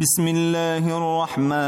بسم الله الرحمن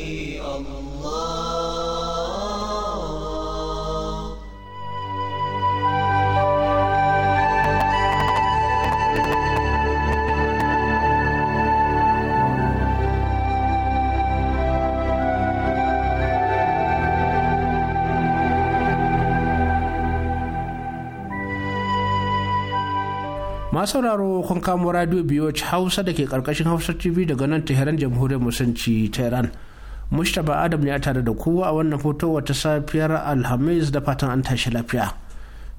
masu sauraro kun kamo radio biyu hausa da ke karkashin hausa tv daga nan tehran jamhuriyar musulunci ta iran mustapha adam ne tare da kowa a wannan hoto wata safiyar alhamis da fatan an tashi lafiya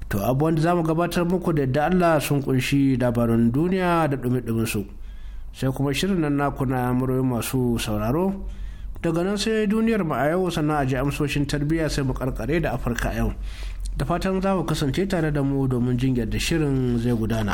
to abubuwan da za mu gabatar muku da yadda allah sun kunshi dabarun duniya da dumi-dumin su sai kuma shirin nan naku na muryoyin masu sauraro daga nan sai duniyar mu a yau sannan a ji amsoshin tarbiyya sai mu karkare da afirka yau da fatan za mu kasance tare da mu domin jin yadda shirin zai gudana.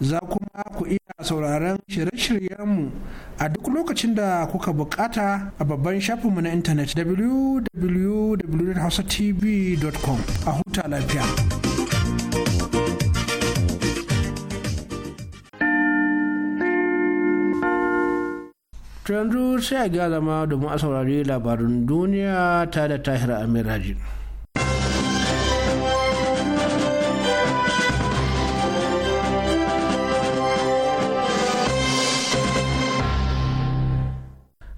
za kuma ku iya sauraron shirye-shiryenmu a duk lokacin da kuka bukata a babban shafinmu na intanet www.hausatv.com a huta lafiya. yanzu sai a gaya zama domin a saurari labarin duniya ta da tahir amiraji.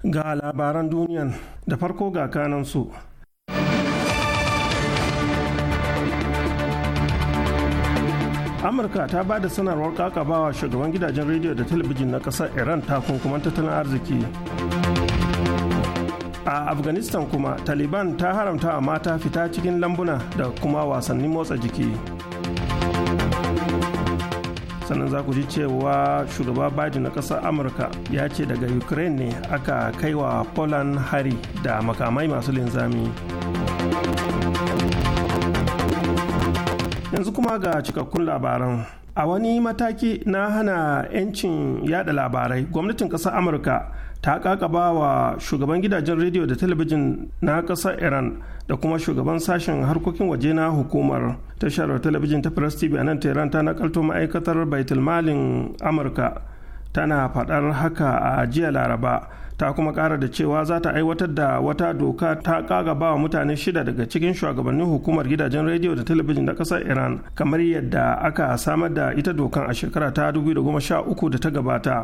ga labaran duniyan da farko ga kanansu. amurka ta ba da sanarwar kakabawa shugaban gidajen rediyo da talabijin na kasar iran takunkuman tattalin arziki a afghanistan kuma taliban ta haramta a mata fita cikin lambuna da kuma wasannin motsa jiki Sannan za ku ji cewa shugaba baji na ƙasar amurka ya ce daga ukraine ne aka kai wa poland hari da makamai masu linzami yanzu kuma ga cikakkun labaran a wani mataki na hana 'yancin yada labarai gwamnatin ƙasar amurka ta kakaba wa shugaban gidajen rediyo da talabijin na ƙasar iran da kuma shugaban sashen harkokin waje na hukumar tashar talabijin ta press tv a nan tehran ta nakalto ma'aikatar baitulmalin amurka tana faɗar haka a jiya laraba ta kuma ƙara da cewa za ta aiwatar da wata doka ta kaga bawa mutane shida daga cikin shugabannin hukumar gidajen rediyo da talabijin na kasar iran kamar yadda aka samar da ita dokan a shekara ta 2013 da ta gabata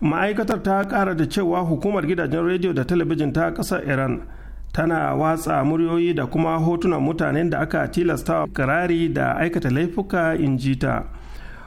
ma'aikatar ta kara da cewa hukumar gidajen rediyo da talabijin ta kasar iran tana watsa muryoyi da kuma hotunan mutanen da aka tilasta kirari da aikata laifuka in ji ta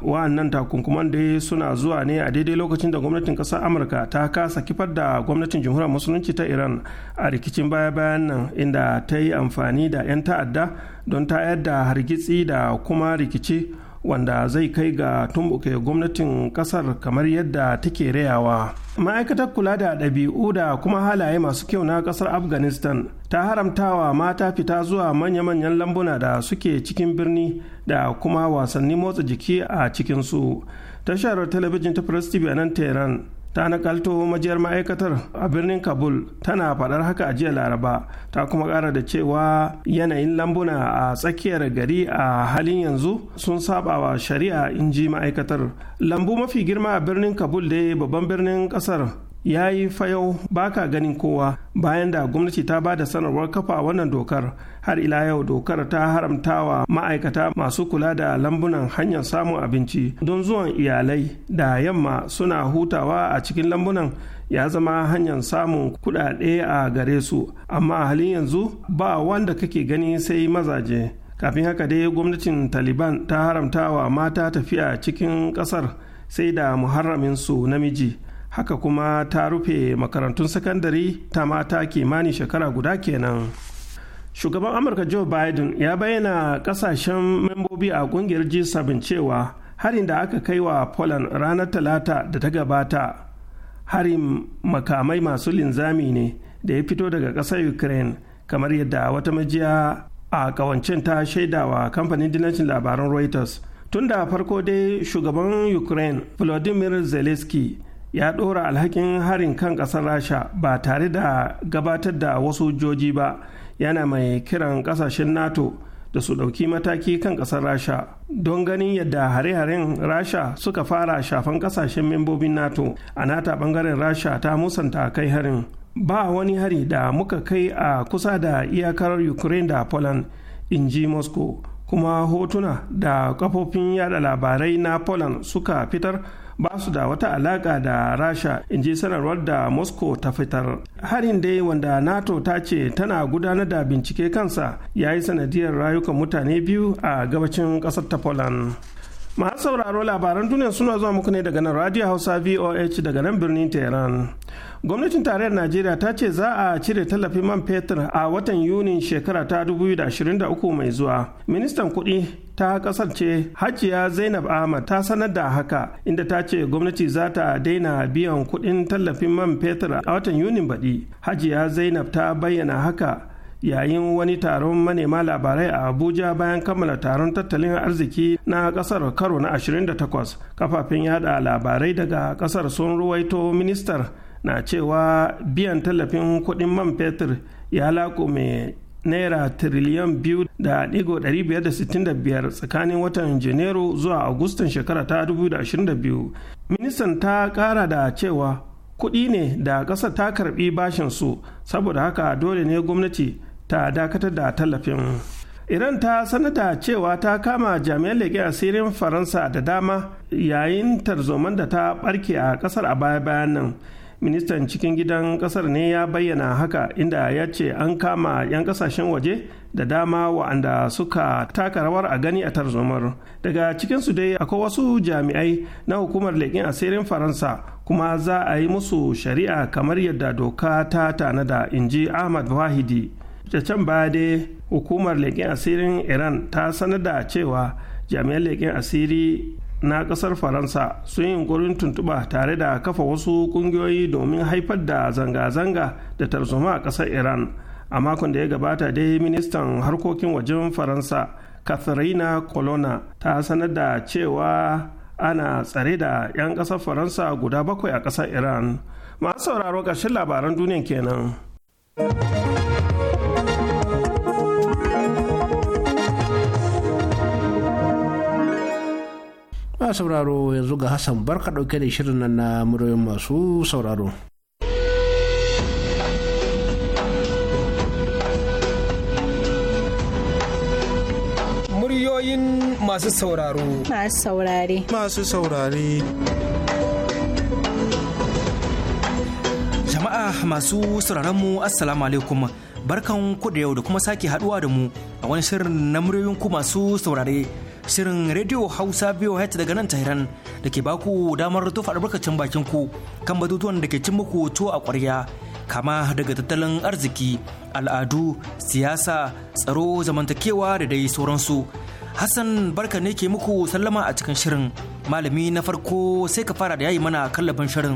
wa'annan takunkuman dai suna zuwa ne a daidai lokacin da gwamnatin kasar amurka ta kasa kifar da gwamnatin jamhuriyar musulunci ta iran a rikicin baya-bayan nan inda ta yi amfani da 'yan ta'adda don ta yadda hargitsi da kuma rikici wanda zai kai ga tumbuke gwamnatin kasar kamar yadda take rayawa ma'aikatar kula da ɗabi'u da kuma halaye masu kyau na kasar afghanistan ta haramtawa mata fita zuwa manya-manyan lambuna da suke cikin birni da kuma wasannin motsa jiki a cikinsu tashar talabijin ta press tv a nan tehran ta nakalto majiyar ma'aikatar a birnin kabul tana faɗar haka a jiya laraba ta kuma ƙara da cewa yanayin lambuna a tsakiyar gari a halin yanzu sun saba wa shari'a in ji ma'aikatar lambu mafi girma a birnin kabul da babban birnin ƙasar ya yi fayau ka ganin kowa bayan da gwamnati ta ba da sanarwar kafa wannan dokar har ila yau dokar ta haramtawa ma'aikata masu kula da lambunan hanyar samun abinci don zuwan iyalai da yamma suna hutawa a cikin lambunan ya zama hanyar samun kudade a gare su amma a halin yanzu ba wanda kake gani sai mazaje kafin haka dai gwamnatin taliban ta haramta wa mata tafiya cikin kasar sai da muharramin su namiji haka kuma ta rufe makarantun sakandare ta mata kimanin shekara guda kenan shugaban amurka joe biden ya bayyana kasashen membobi a kungiyar g7 cewa harin da aka kai wa poland ranar talata da ta gabata harin makamai masu linzami ne da ya fito daga ƙasar ukraine kamar yadda wata majiya a kawancin ta shaidawa kamfanin dinancin labaran reuters tun da farko dai shugaban ukraine volodymyr zelensky ya ɗora alhakin harin kan ƙasar rasha ba tare da gabatar da wasu joji ba yana mai kiran ƙasashen nato da su ɗauki mataki kan ƙasar rasha don ganin yadda hare-haren rasha suka fara shafan ƙasashen membobin nato a nata ɓangaren rasha ta musanta kai harin ba wani hari da muka kai a kusa da iyakar ukraine da poland in ji moscow kuma hotuna da kafofin yada labarai na poland suka fitar ba su da wata alaka da rasha in ji sanarwar da moscow ta fitar harin dai wanda nato ta ce tana gudanar da bincike kansa ya yi sanadiyar rayukan mutane biyu a gabacin kasar ta poland masu sauraro labaran duniya suna zuwa muku ne daga nan radio hausa voh daga nan birnin tehran gwamnatin tarayyar najeriya ta ce za a cire tallafin man fetur a watan Yuni shekara ta 2023 mai zuwa ministan kuɗi ta kasance hajiya zainab ahmad ta sanar da haka inda ta ce gwamnati za ta daina biyan kuɗin tallafin man fetur a watan yunin baɗi hajiya zainab ta bayyana haka yayin wani taron manema labarai a abuja bayan kammala taron tattalin arziki na kasar karo na 28 kafafen yada labarai daga kasar sun ruwaito ministar na cewa biyan tallafin kuɗin man fetur ya laƙume naira tiriliyan biyu da digo biyar tsakanin watan janairu zuwa agustan shekara ta 2022 ministan ta kara da cewa kuɗi ne da ƙasa ta karɓi bashin su saboda haka dole ne gwamnati ta dakatar da tallafin iran ta sanata cewa ta kama jami'an leƙe asirin faransa da dama yayin tarzoman da ta ɓarke a ƙasar a baya-bayan nan ministan cikin gidan kasar ne ya bayyana haka inda ya ce an kama 'yan kasashen waje da dama wa'anda suka taka rawar a gani a tarzomar daga cikinsu dai akwai wasu jami'ai na hukumar leƙin asirin faransa kuma za a yi musu shari'a kamar yadda doka ta tanada inji ahmad wahidi da can baya dai hukumar leƙin asirin iran ta sanar da cewa jami'an leƙin asiri na kasar faransa sun yi gurin tuntuɓa tare da kafa wasu ƙungiyoyi domin haifar da zanga-zanga da tarzoma a ƙasar iran a makon da ya gabata dai ministan harkokin wajen faransa katharina colonna ta sanar da cewa ana tsare da 'yan ƙasar faransa guda bakwai a ƙasar iran masu sauraro ƙarshen labaran duniya kenan. masu sauraro yanzu ga Hassan barka ɗauke da shirin nan na muryoyin masu sauraro. Muryoyin masu sauraro. Masu saurare. Masu saurare. Jama'a masu sauraron mu Assalamu alaikum. Barkan ku da yau da kuma sake haduwa da mu a wani shirin na muryoyin ku masu saurare. shirin Radio Hausa VOH daga nan Tehran da ke baku damar tufa albarkacin bakin ku kan batutuwan da ke cin muku tuwo a ƙwarya kama daga tattalin arziki, al'adu, siyasa, tsaro, zamantakewa da dai sauransu. Hassan barka ne ke muku sallama a cikin shirin. Malami na farko sai ka fara da yayi mana kallafin shirin.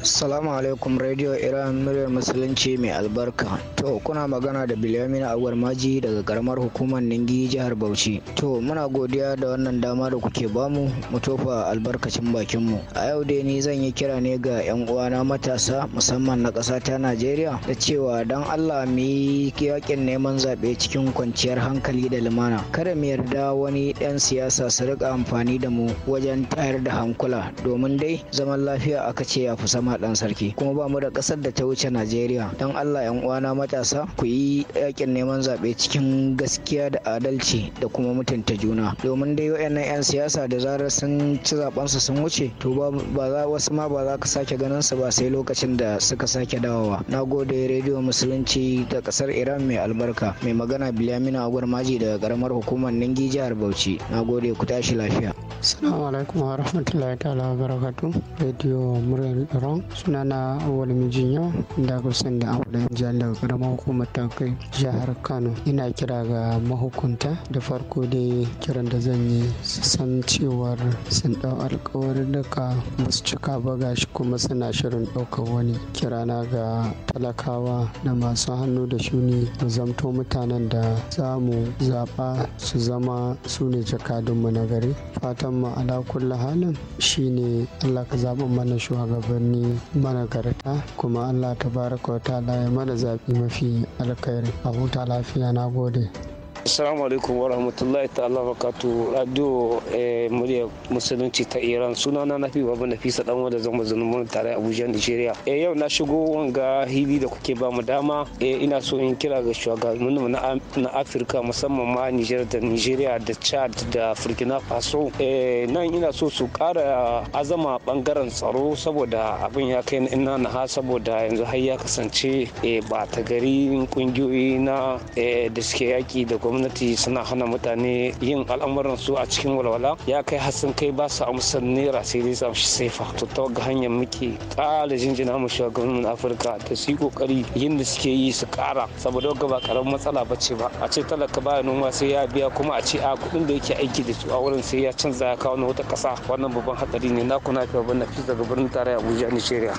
Assalamu alaikum Radio Iran muryar musulunci mai albarka. To kuna magana da Bilyamin Awar Maji daga karamar hukumar Ningi jihar Bauchi. To muna godiya da wannan dama da kuke bamu mu tofa albarkacin bakin mu. A yau dai ni zan yi kira ne ga yan uwana matasa musamman na ƙasa ta Najeriya da cewa dan Allah mu yi yakin neman zaɓe cikin kwanciyar hankali da lumana. Kada mu yarda wani ɗan siyasa su riƙa amfani da mu wajen tayar da hankula domin dai zaman lafiya aka ce ya fi sama Yarima dan sarki kuma ba mu da kasar da ta wuce Najeriya dan Allah yan uwana matasa ku yi yakin neman zaɓe cikin gaskiya da adalci da kuma mutunta juna domin dai wayannan yan siyasa da zarar sun ci zaben su sun wuce to ba za wasu ma ba za ka sake ganin su ba sai lokacin da suka sake dawowa nagode radio musulunci da kasar Iran mai albarka mai magana Bilamina Agwar Maji daga karamar hukumar Ningi jihar Bauchi nagode ku tashi lafiya assalamu alaikum wa rahmatullahi ta'ala wa barakatuh radio muryar Iran sunana Awal Mijinyo da aka san da Awal daga karamar hukumar kai jihar Kano ina kira ga mahukunta da farko dai kiran da zan yi su san cewar sun dau alkawarin daga ba su cika ba gashi kuma suna shirin ɗaukar wani kirana ga talakawa da masu hannu da shuni mu zamto mutanen da za mu zaɓa su zama su ne jakadunmu na gari fatan mu ala kulli halin shine Allah ka zaɓa mana shugabanni mana garta kuma Allah tabaraka wa ta'ala ya mana zaɓi mafi alkhairi a huta lafiya na gode. Assalamu alaikum wa rahmatullahi ta'ala wa katu radio eh, murya musulunci ta Iran sunana na fi babu Nafisa dan wanda zama mun tare Abuja Nigeria. Eh yau na shigo wanga hili da kuke ba mu dama eh ina so in kira ga mu na Afirka musamman ma Niger da Nigeria da Chad da Burkina Faso. Eh nan ina so su kara azama bangaren tsaro saboda abin ya kai ina na ha saboda yanzu har ya kasance eh, ba ta gari kungiyoyi na eh, da suke yaki da gwamnati suna hana mutane yin al'amuran su a cikin walwala ya kai hassan kai ba su amsa naira sai dai zamshi saifa to ta ga hanyar muke kala jinjina mu shugabannin afirka da su yi kokari yin da suke yi su kara saboda ga ba karamin matsala ba ce ba a ce talaka ba noma sai ya biya kuma a ce a kuɗin da yake aiki da su a wurin sai ya canza ya kawo na wata kasa wannan babban hatsari ne na kuna fi babban nafi daga birnin tarayya abuja nigeria.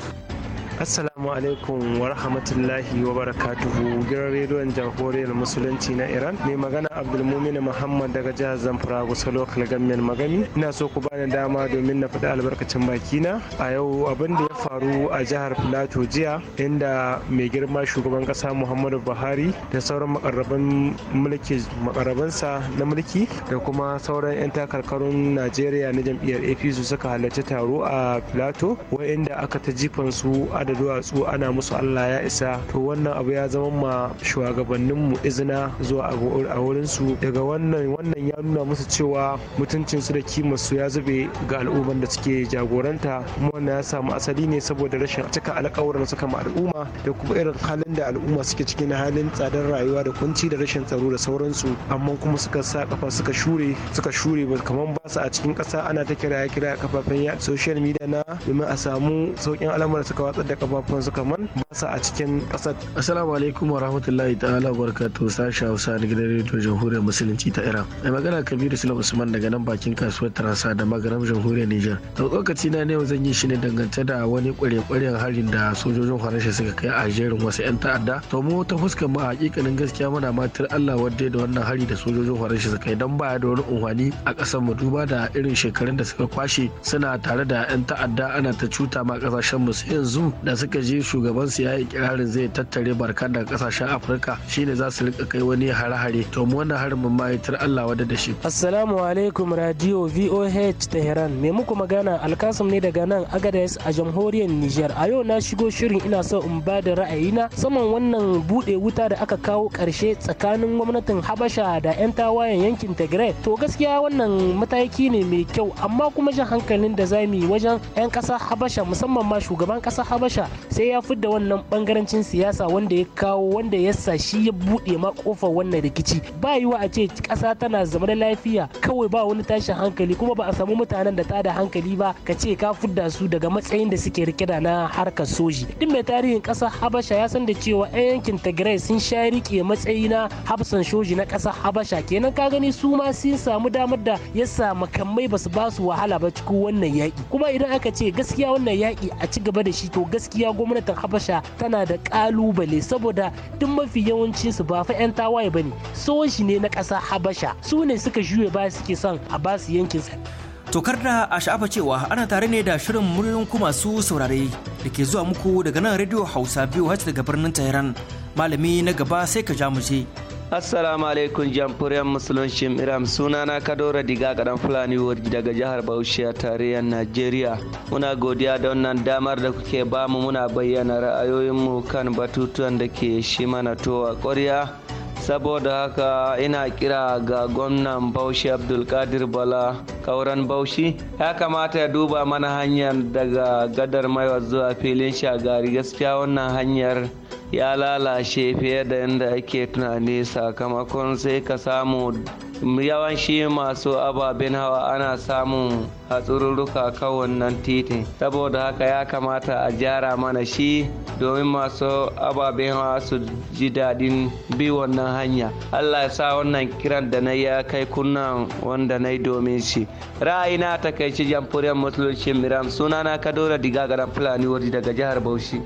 assalamu alaikum wa rahmatullahi wa barakatuhu gidan rediyon jamhuriyar musulunci na iran mai magana abdulmumin muhammad daga jihar zamfara gusa lokal gamin magami ina so ku bani dama domin na faɗi albarkacin bakina a yau abin da ya faru a jihar filato jiya inda mai girma shugaban ƙasa muhammadu buhari da sauran makarraban mulki na mulki da kuma sauran 'yan takarkarun najeriya na jam'iyyar apc suka halarci taro a filato wa'inda aka ta jifan su a da duwatsu ana musu allah ya isa to wannan abu ya zama ma shugabanninmu izina zuwa a wurinsu daga wannan wannan ya nuna musu cewa mutuncin su da kimarsu ya zube ga al'umman da suke jagoranta kuma wannan ya samu asali ne saboda rashin cika alkawuran suka ma al'umma da kuma irin halin da al'umma suke ciki na halin tsadar rayuwa da kunci da rashin tsaro da sauransu amma kuma suka sa kafa suka shure suka shure ba kamar ba su a cikin ƙasa ana ta kira kira kafafen social media na domin a samu sauƙin al'amura suka watsar da su kamar ba a cikin kasar Assalamu alaikum wa rahmatullahi ta'ala wa barakatuhu sashi Hausa na gidan rediyo Jamhuriyar Musulunci ta Iran. Mai magana Kabiru Sula Usman daga nan bakin kasuwar Taransa da Magaram Jamhuriyar Nijar. da tsokaci na ne zan yi shi ne dangance da wani kware-kwaren harin da sojojin Faransa suka kai a jerin wasu 'yan ta'adda. To mu ta fuskar mu a hakikanin gaskiya muna matar Allah wadda da wannan hari da sojojin Faransa suka kai don baya da wani unhwani a ƙasar mu duba da irin shekarun da suka kwashe suna tare da 'yan ta'adda ana ta cuta ma kasashen mu yanzu da suka ji su ya yi kirarin zai tattare barka daga kasashen afirka shine za su rika kai wani hare-hare to mu wannan harin mun tar allah wada da shi assalamu alaikum radio voh tehran me muku magana alkasum ne daga nan agadez a jamhuriyar niger a yau na shigo shirin ina so in ba da ra'ayina saman wannan bude wuta da aka kawo karshe tsakanin gwamnatin habasha da 'yan tawayen yankin tigray to gaskiya wannan mataki ne mai kyau amma kuma jan hankalin da zamu yi wajen 'yan kasa habasha musamman ma shugaban kasa habasha rasha sai ya fidda wannan bangarancin siyasa wanda ya kawo wanda ya sa shi ya buɗe ma kofar wannan rikici ba yiwa a ce ƙasa tana zama da lafiya kawai ba wani tashin hankali kuma ba a samu mutanen da ta da hankali ba ka ce ka fidda su daga matsayin da suke rike da na harkar soji duk mai tarihin ƙasa habasha ya san da cewa ɗan yankin tigray sun sha rike matsayi na hafsan soji na ƙasar habasha kenan ka gani su ma sun samu damar da ya sa makamai ba su ba su wahala ba cikin wannan yaƙi kuma idan aka ce gaskiya wannan yaƙi a ci gaba da shi to gaskiya gaskiya gwamnatin habasha tana da kalubale saboda duk mafi yawancin su ba fa yan tawaye bane shi ne na ƙasa habasha su ne suka juye ba suke son a basu yankin Tokar da a sha'afa cewa ana tare ne da shirin muryoyin kuma masu saurare da ke zuwa muku daga nan rediyo Hausa biyu har daga birnin Tehran. Malami na gaba sai ka ja mu je. assalamu alaikum jamhuriyar Miram. iram sunana kadora diga kadan fulani warji daga jihar bauchi a tarayyar najeriya muna godiya da wannan damar da kuke bamu muna bayyana ra'ayoyinmu kan batutuwan da ke shi mana towa ƙwarya saboda haka ina kira ga gwamnan bauchi abdulkadir bala kauran bauchi ya kamata ya duba mana hanyar daga gadar maiwa zuwa filin shagari gaskiya wannan hanyar ya lalace fiye da yadda ake tunani sakamakon sai ka samu yawanci masu ababen hawa ana samun hatsururruka kan wannan titin saboda haka ya kamata a gyara mana shi domin masu ababen hawa su ji daɗin bi wannan hanya allah ya sa wannan kiran da na ya kai kunna wanda na yi domin shi ra'ayina ta kai shi musulunci miram sunana kadora diga garan fulani waje daga jihar bauchi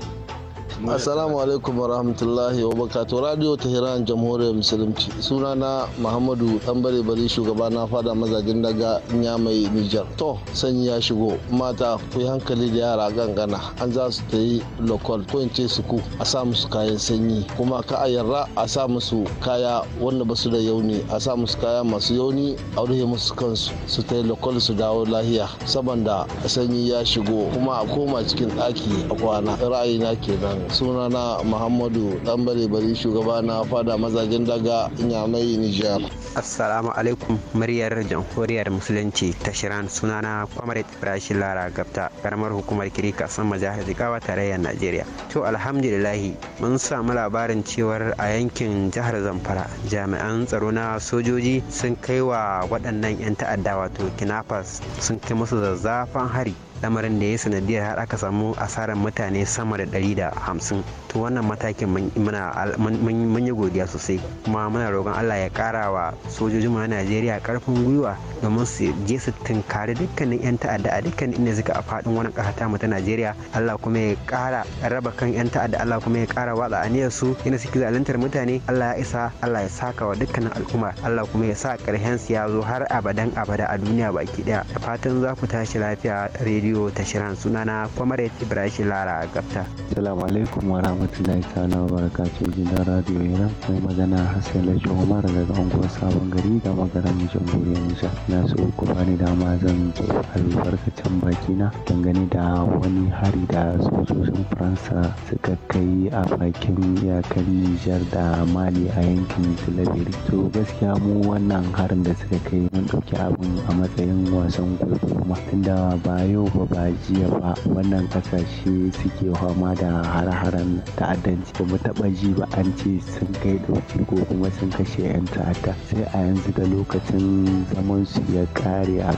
Assalamu alaikum warahmatullahi wabarakatuh. Radio Tehran Jamhuriyar Musulunci. Sunana Muhammadu Tambare Bari shugaba na fada mazajin daga Nyamai Nijar. To, sanyi ya shigo. Mata ku yi hankali da yara gangana. An za su ta yi lokal ko in ce suku a sa musu kayan sanyi. Kuma ka a yarra a sa musu kaya wanda ba su da yauni. A sa musu kaya masu yauni a rufe musu kansu. Su ta yi lokal su dawo lahiya. Saboda sanyi ya shigo kuma a koma cikin ɗaki a kwana. Ra'ayina kenan. sunana muhammadu dan bare bari shugaba na fada mazajen daga inyamai nijar assalamu alaikum muryar jamhuriyar musulunci ta shiran sunana comrade ibrahim lara gabta karamar hukumar kirika sama jihar jigawa tarayyar najeriya to alhamdulillahi mun samu labarin cewar a yankin jihar zamfara jami'an tsaro na sojoji sun kai wa waɗannan 'yan ta'adda wato kinafas sun kai musu zazzafan hari lamarin da ya sanadiyar har aka samu asarar mutane sama da ɗari da hamsin to wannan matakin mun yi godiya sosai kuma muna roƙon allah ya ƙara wa sojojin mu na najeriya ƙarfin gwiwa domin su je su tunkari dukkanin 'yan ta'adda a dukkanin inda suka a faɗin wannan ƙasa ta mu ta najeriya allah kuma ya ƙara raba kan 'yan ta'adda allah kuma ya ƙara watsa aniyar su yana suke zaluntar mutane allah ya isa allah ya saka wa dukkanin al'umma allah kuma ya sa ƙarshen su ya zo har abadan abada a duniya baki ɗaya da fatan za ku tashi lafiya rediyo rediyo ta shirin sunana kwamaret ibrahim lara gabta salamu alaikum wa rahmatullahi ta'ala wa barakatuh gidan radio iran mai magana hassan lajo umar daga unguwar sabon gari da magaran jamhuriyar nisa na ba ni bani ma zan ke albarkacin na dangane da wani hari da sojojin faransa suka kai a bakin iyakar nijar da mali a yankin tilabiri to gaskiya mu wannan harin da suka kai mun ɗauki abin a matsayin wasan kwaikwayo tunda ba yau ba ba jiya ba wannan kasashe suke fama da har-haren ta'addanci ba mu taba ji ba an ce sun kai dauki ko kuma sun kashe 'yan ta'adda sai a yanzu da lokacin zaman su ya kare a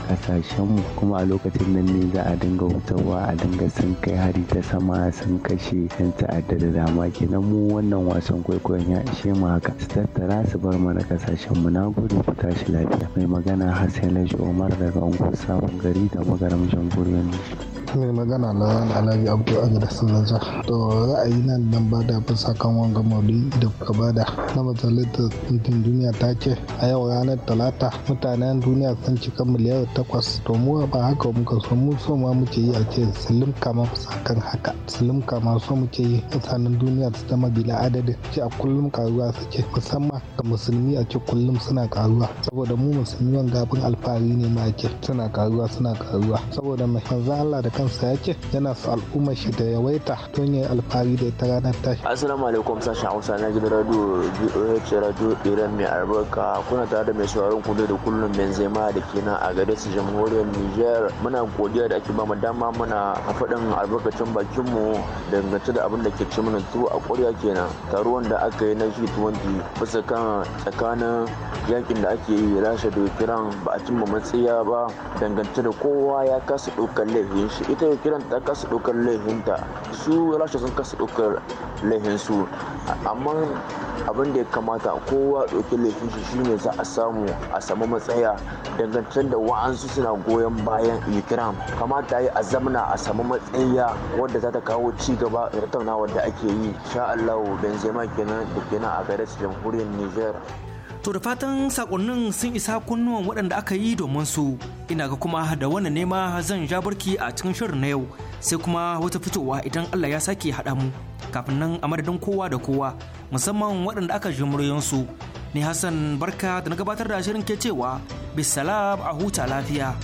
mu kuma a lokacin nan ne za a dinga hutawa a dinga sun kai hari ta sama sun kashe 'yan ta'adda da dama kenan mu wannan wasan kwaikwayon ya ishe mu haka su tattara su bar mana mu na gudu ku tashi lafiya mai magana hassan laji omar daga unguwar sabon gari da magaram jamhuriyar Amen. mai magana lawan alhaji abdu agada sulaja to ra'ayi nan dan bada bisa kan wanga maudi da kuka bada na majalisar duniya ta ce a yau ranar talata mutanen duniya sun cika miliyar takwas to mu ba haka muka so mu so ma muke yi a ce silim kama bisa kan haka silim kama so muke yi mutanen duniya su zama bila adadin ce a kullum karuwa su ce. musamman ga musulmi a ce kullum suna karuwa saboda mu musulmi wanga abin alfahari ne ma ke suna karuwa suna karuwa saboda mai manzo Allah da kansa yake yana sa al'ummar shi da yawaita don yin alfahari da ta ranar tashi. Assalamu alaikum sashen Hausa na gidan radio BOH radio Iran mai albarka kuna tare da mai sauraron kudu da kullum Benzema da ke nan a gadis jamhuriyar Niger muna godiya da ake bamu dama muna a faɗin albarkacin bakin mu dangance da abin da ke ci mana tuwo a ƙwarya kenan taruwan da aka yi na G20 bisa kan tsakanin yakin da ake yi Rasha da Ukraine ba a cimma matsaya ba dangance da kowa ya kasa ɗaukar laifin shi ita kiran ta kasa ɗaukar laifinta su rasha sun kasa ɗaukar laifinsu amma abin da ya kamata kowa ɗauki laifin shi shine za a samu a samu matsaya dangantar da wa'ansu suna goyon bayan ukraine kamata yi a zamana a samu matsaya wadda za ta kawo ci gaba da tattaunawa da ake yi sha allahu benzema kenan da kenan a gares jamhuriyar niger To da fatan sakonnin sun isa kunnuwan waɗanda aka yi domin su ina ga kuma da wani nema zan ja barki a cikin shirin na yau sai kuma wata fitowa idan Allah ya sake haɗa mu kafin nan a madadin kowa da kowa musamman waɗanda aka ji muryansu ni Hassan barka da na gabatar da shirin ke cewa bisalam a huta lafiya.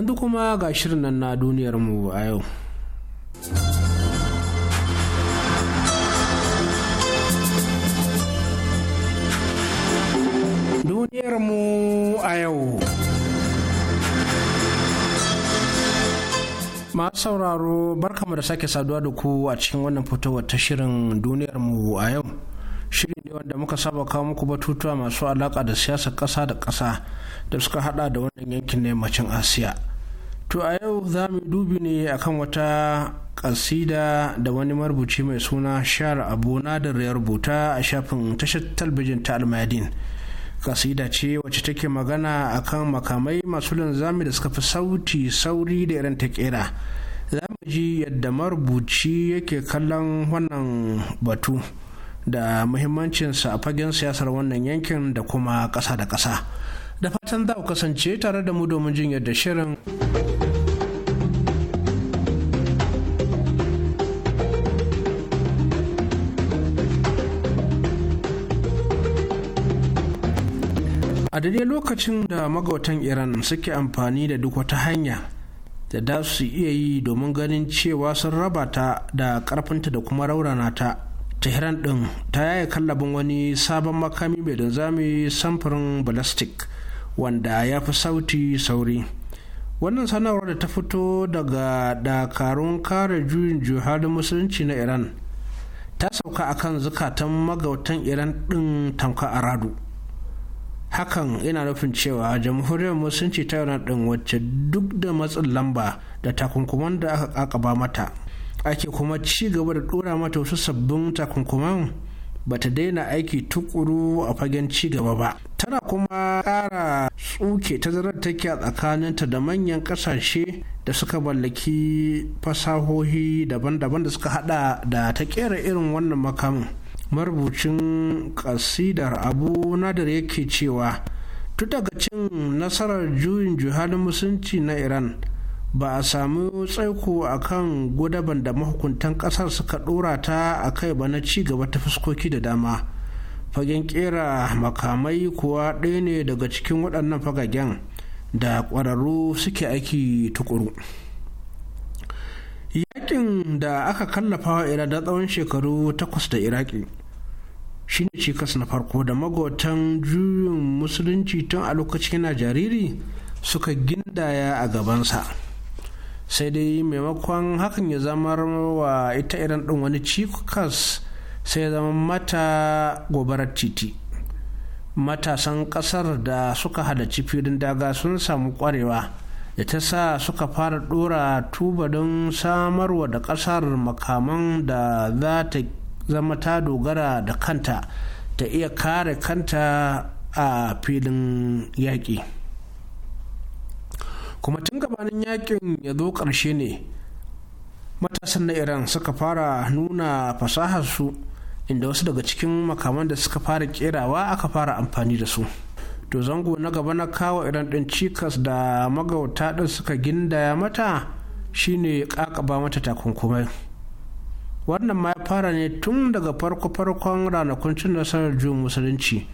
yanzu kuma ga shirin nan na duniyarmu a yau. Duniyarmu a yau. Masu sauraro barkamu da sake saduwa da ku a cikin wannan fitowar ta shirin duniyarmu a yau. daɗewar da muka saba kawo muku batutuwa masu alaƙa da siyasar ƙasa da ƙasa da suka hada da wannan yankin na yammacin asiya to a yau za mu dubi ne akan wata ƙasida da wani marubuci mai suna shar abu nadar ya rubuta a shafin tashar talbijin ta almayadin ƙasida ce wacce take magana akan makamai masu linzami da suka fi sauti sauri da irin ta ƙera za mu ji yadda marubuci yake kallon wannan batu da muhimmancinsa a fagen siyasar wannan yankin da kuma ƙasa da kasa da fatan za ku kasance tare da mu domin jin yadda shirin a daidai lokacin da magautan iran suke amfani da duk wata hanya da za su iya yi domin ganin cewa sun raba ta da karfinta da kuma raurana ta tehran ɗin ta yaya kallabin wani sabon makami mai linzami samfurin balastik wanda ya fi sauti sauri wannan sanarwar da ta fito daga dakarun kare juyin juhalin musulunci na iran ta sauka a akan zukatan magautan iran din tamka aradu hakan yana nufin cewa jamhuriyar musulunci ta iran ɗin wacce duk da matsin lamba da takunkuman da aka ƙaƙaba mata ake kuma ci gaba da dora mata wasu sabbin takunkuman ba ta daina aiki tukuru a fagen ci gaba ba tana kuma ƙara tsuke tazarar take a tsakaninta da manyan ƙasashe da suka mallaki fasahohi daban-daban da suka hada da ta kera irin wannan makamin marubucin kasidar abu nadar yake cewa tun daga cin nasarar juyin juhalin musulunci na iran ba a samu tsaiko a kan gudaban da mahukuntan kasar suka dora ta a kai ba na ci gaba ta fuskoki da dama fagen kera makamai kuwa ɗaya ne daga cikin waɗannan fagagen da ƙwararru suke aiki tukuru yakin da aka kallafa wa iran da tsawon shekaru takwas da iraki shi ne cikas na farko da magotan juyin musulunci tun a lokacin na jariri suka gindaya a gabansa. sai dai maimakon hakan ya zama wa ita irin ɗin wani cikas sai ya zama mata gobarar titi matasan ƙasar da suka halarci filin daga sun samu ƙwarewa da ta sa suka fara ɗora tuba don samarwa da ƙasar makaman da za ta zama ta dogara da kanta ta iya kare kanta a filin yaƙi. kuma tun gabanin yakin ya zo ƙarshe ne matasan na iran suka fara nuna fasaharsu inda wasu daga cikin makaman da suka fara kerawa aka fara amfani da su to zango na gaba na kawo iran ɗin cikas da magauta ɗin suka gindaya mata shine ƙaƙaba mata takunkumai wannan ma ya fara ne tun daga farko-farkon ranakun cin nasarar juyin musulunci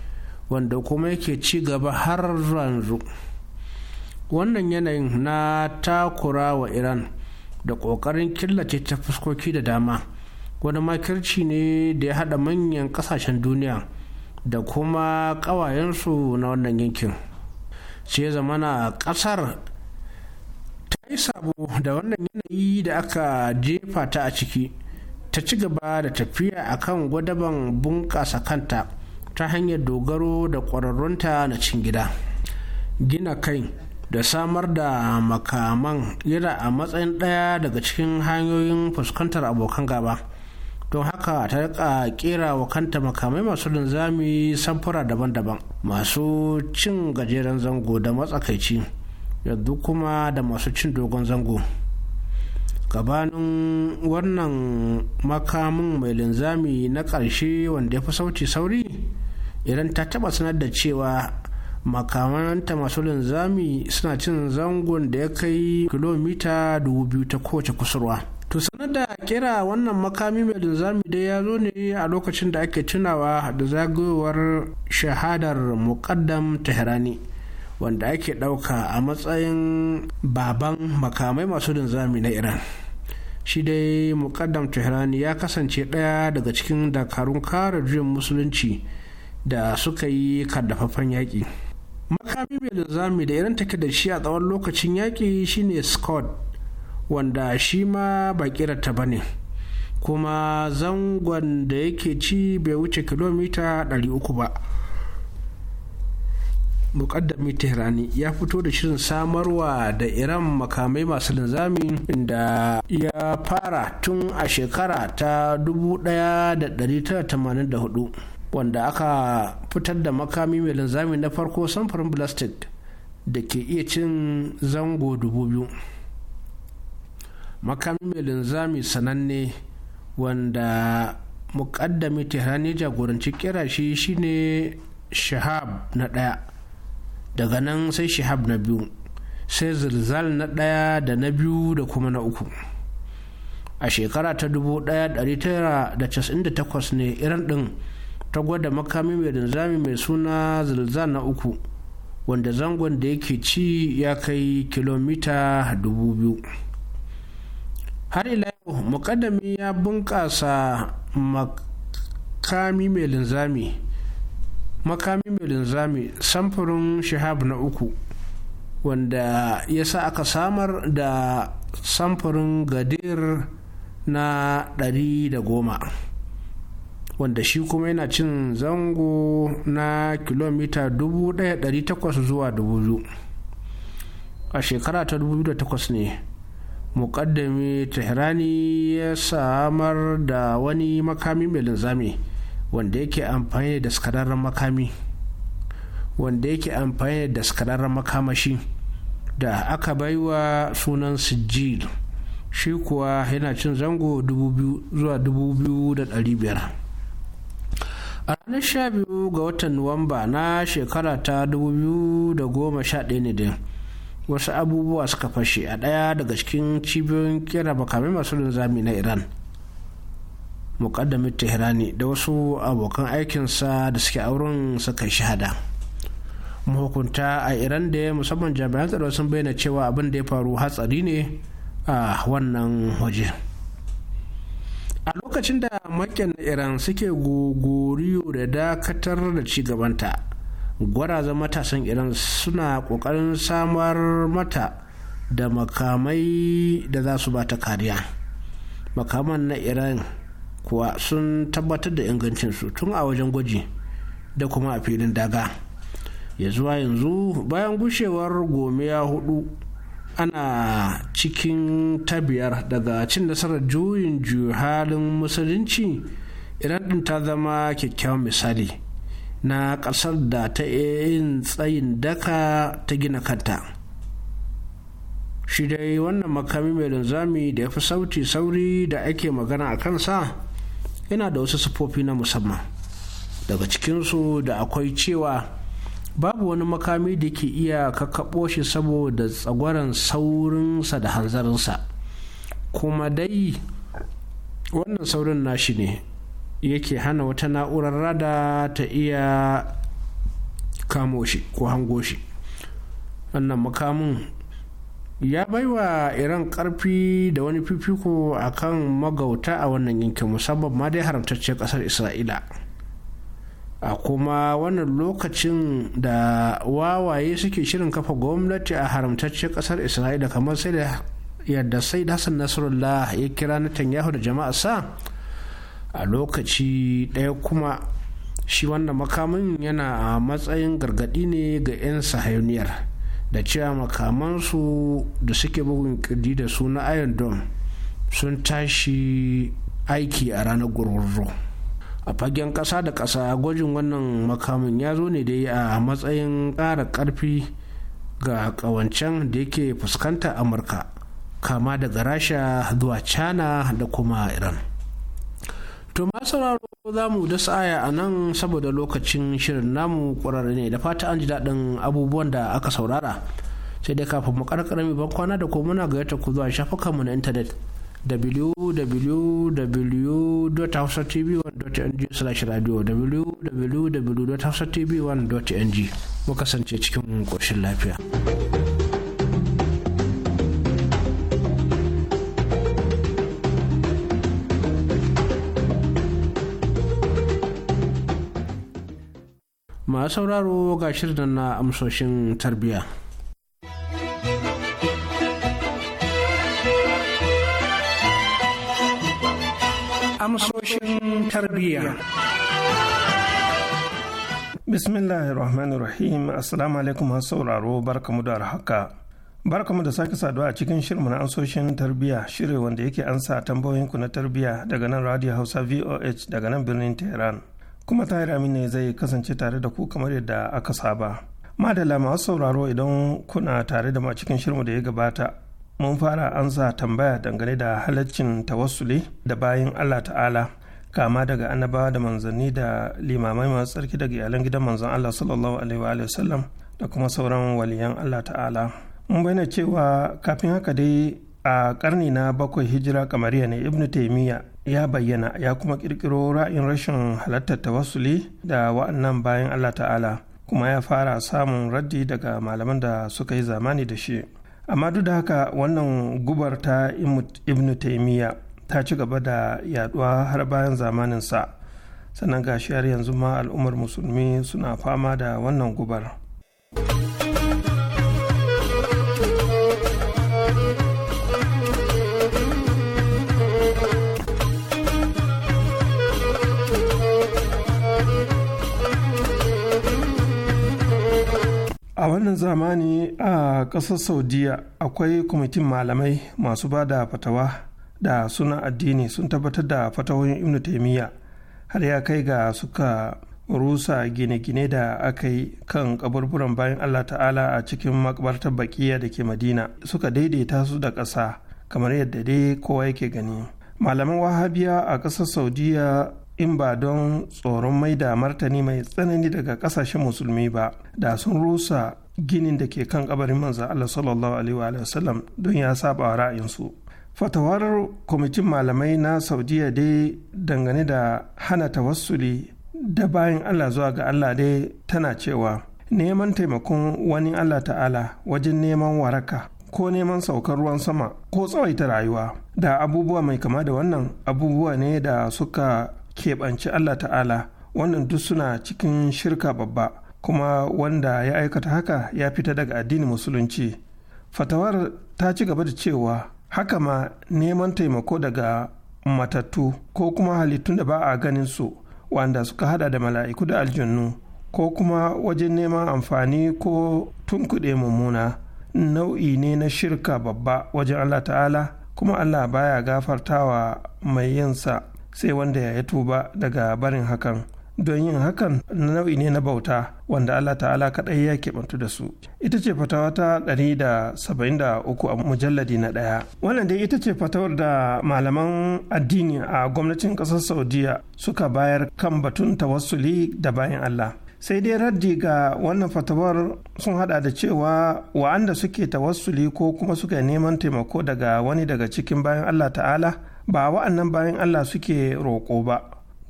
wanda kuma yake ci gaba har zuwa yanzu. wannan yanayin na takura wa iran da ƙoƙarin killace ta fuskoki da dama wani makirci ne da ya haɗa manyan ƙasashen duniya da kuma ƙawayensu na wannan yankin sai na ƙasar ta yi sabo da wannan yanayi da aka jefa ta a ciki ta ci gaba da tafiya a kan gwadaban bunƙasa kanta ta hanyar dogaro da ƙwararrunta na cin gida gina kai da samar da makaman yana a matsayin ɗaya daga cikin hanyoyin fuskantar abokan gaba don haka ta rika kera wa kanta makamai masu linzami samfura daban-daban masu cin gajeren zango da matsakaici yanzu kuma da masu cin dogon zango gabanin wannan makamin mai linzami na ƙarshe wanda ya fi sauci sauri idan ta taba sanar da cewa makamanta masu linzami suna cin zangon da ya kai kilomita 2000 ta kowace kusurwa to sanar da kira wannan makami mai linzami dai ya zo ne a lokacin da ake tunawa da zagayowar shahadar muqaddam tehrani wanda ake ɗauka a matsayin baban makamai masu linzami na iran shi dai muqaddam tehrani ya kasance ɗaya daga cikin dakarun kare juyin musulunci da suka yi kaddafaffen yaƙi makami mai linzami da irin take da shi a tsawon lokacin yaƙi shine scott wanda shi ma ba kirata ba ne kuma zangon da yake ci bai wuce kilomita 300 ba mukaddami tehrani ya fito da shirin samarwa da iran makamai masu linzami da ya fara tun a shekara ta 1984 wanda aka fitar da makami mai linzami na farko samfurin plastic da ke iya cin zango dubu biyu makami mai linzami sananne wanda mukaddami ta hane jagoranci kira shi shine shahab na ɗaya daga nan sai shahab na biyu sai zilzal na ɗaya da na biyu da kuma na uku a shekara ta 1998 ne irin ɗin ta gwada makami mai linzami mai suna zilza na uku wanda zangon da yake ci ya kai kilomita dubu biyu har ila yau mukaddami ya bunƙasa makami mai linzami makami mai linzami samfurin shahab na uku wanda ya sa aka samar da samfurin gadir na ɗari da goma. wanda shi kuma yana cin zango na kilomita 1,800 zuwa 2,000 a shekara ta 2008 ne mukaddami tehrani ya samar da wani makami mai linzami wanda yake amfani da sakararren makami wanda yake amfani da sakararren makamashi da aka baiwa sunan sijil shi kuwa yana cin zango 2,000 zuwa 2,500 a ranar sha biyu ga watan nuwamba na shekara ta dubu biyu da goma sha ɗaya ne din wasu abubuwa suka fashe a ɗaya daga cikin cibiyoyin kera makamai masu linzami na iran mukaddamin tehrani da wasu abokan aikinsa da suke auren suka shahada mahukunta a iran da musamman jami'an tsaro sun bayyana cewa abin da ya faru hatsari ne a wannan waje. a lokacin da makin iran suke gogoriyo da dakatar da cigabanta gwarazan matasan iran suna kokarin samar mata da makamai da za su bata kariya makaman na iran kuwa sun tabbatar da ingancinsu tun a wajen gwaji da kuma a filin daga ya zuwa yanzu bayan gushewar gomiya hudu ana cikin tabiyar daga cin nasarar juyin halin musulunci idan din ta zama kyakkyawan misali na ƙasar da ta yin tsayin daka ta gina kanta shi dai wannan makami mai linzami da ya fi sauti sauri da ake magana a kansa yana da wasu sufofi na musamman daga cikinsu da akwai cewa babu wani makami da ke iya kakkaɓo shi saboda tsagwaran saurinsa da hanzarinsa kuma dai wannan saurin nashi ne yake hana wata na'urar rada ta iya kamo shi ko hango shi wannan makamin ya baiwa iran karfi da wani fifiko akan magauta a wannan yankin musamman ma dai haramtacce kasar isra'ila a kuma wannan lokacin da wawaye suke shirin kafa gwamnati a haramtaccen kasar isra'ila kamar sai da yadda sai da hassan nasarullah ya kira netanyahu da jama'a sa a lokaci ɗaya kuma shi wannan makamin yana a matsayin gargaɗi ne ga 'yan sahayuniyar da cewa makamansu da suke bugun kirji da su na iron dome sun tashi aiki a ranar gururru. a fagen kasa da kasa gwajin wannan makamin ya zo ne dai a matsayin ƙara karfi ga ƙawancen da yake fuskanta amurka kama daga rasha zuwa china da kuma iran to sauraro za mu da sa'aya a nan saboda lokacin shirin namu ƙwararre ne da fata an ji daɗin abubuwan da aka saurara sai dai kafin mu karkar mai ban kwana da ko muna gayyata ku zuwa shafukanmu na intanet www.hausatv1.ng/radio www.hausatv1.ng mu kasance cikin ƙoshin lafiya. masu sauraro ga shirin na amsoshin tarbiyya. amsoshin tarbiyya. ar-Rahim. Assalamu alaikum sauraro barkamu da haka. Barkamu da sake saduwa a cikin shirin amsoshin tarbiyya shirin wanda yake ansa tambayoyinku na tarbiyya daga nan Radio Hausa VOH daga nan birnin Tehran. Kuma Tahir Aminu zai kasance tare da ku kamar yadda aka saba. Madalla masu sauraro idan kuna tare da mu a cikin shirin da ya gabata mun fara ansa tambaya dangane da halaccin tawassuli da bayan allah ta'ala kama daga annabawa da manzanni da limamai masu tsarki daga iyalan gidan manzon allah sallallahu alaihi wa sallam da kuma sauran waliyan allah ta'ala mun bayyana cewa kafin haka dai a karni na bakwai hijira kamariya ne ibn taimiyya ya bayyana ya kuma kirkiro ra'in rashin halartar tawassuli da wa'annan bayan allah ta'ala kuma ya fara samun raddi daga malaman da suka yi zamani da shi amma duk da haka wannan gubar ta ibn taimiyya ta ci gaba da yaduwa har bayan zamaninsa sannan gashiyar yanzu ma al'ummar musulmi suna fama da wannan gubar. a wannan zamani a ƙasar saudiya akwai kwamitin malamai masu ba da fatawa da suna addini sun tabbatar da fatawoyin ibn taimiyya har ya kai ga suka rusa gine-gine da aka yi kan kaburburan bayan allah ta'ala a cikin makabartar baƙiya da ke madina suka daidaita su da ƙasa kamar yadda dai kowa yake gani malaman wahabiya a ƙasar saudiya in ba don tsoron mai da martani mai tsanani daga kasashen musulmi ba da sun rusa ginin da ke kan kabarin manza Allah sallallahu alaihi wa sallam don ya saba ra'ayinsu. fatawar kwamitin malamai na saudiya dai dangane da hana tawassuli da bayan Allah zuwa ga Allah dai tana cewa neman taimakon wani Allah ta'ala wajen neman waraka ko neman saukar ruwan sama ko tsawaita rayuwa da abubuwa mai kama da wannan abubuwa ne da suka keɓanci Allah ta'ala wannan duk suna cikin shirka babba kuma wanda ya aikata haka ya fita daga addinin musulunci fatawar ta ci gaba da cewa haka ma neman taimako daga matattu ko kuma halittun da ba a ganin su wanda suka hada da mala'iku da aljannu ko kuma wajen neman amfani ko tunkuɗe mummuna nau'i ne na shirka babba wajen Allah ta'ala kuma Allah baya gafartawa mai yinsa sai wanda ya tuba daga barin hakan don yin hakan nau'i ne na bauta wanda Allah ta'ala kaɗai ya keɓantu da su ita ce fatawa ta 173 a mujalladi na ɗaya wannan dai ita ce fatawar da malaman addini a gwamnatin ƙasar saudiya suka bayar kan batun tawassuli da bayan Allah sai dai raddi ga wannan fatawar sun hada da cewa wa'anda suke tawassuli ko kuma suka neman taimako daga wani daga cikin bayan Allah ta'ala ba wa'annan bayan Allah suke roƙo ba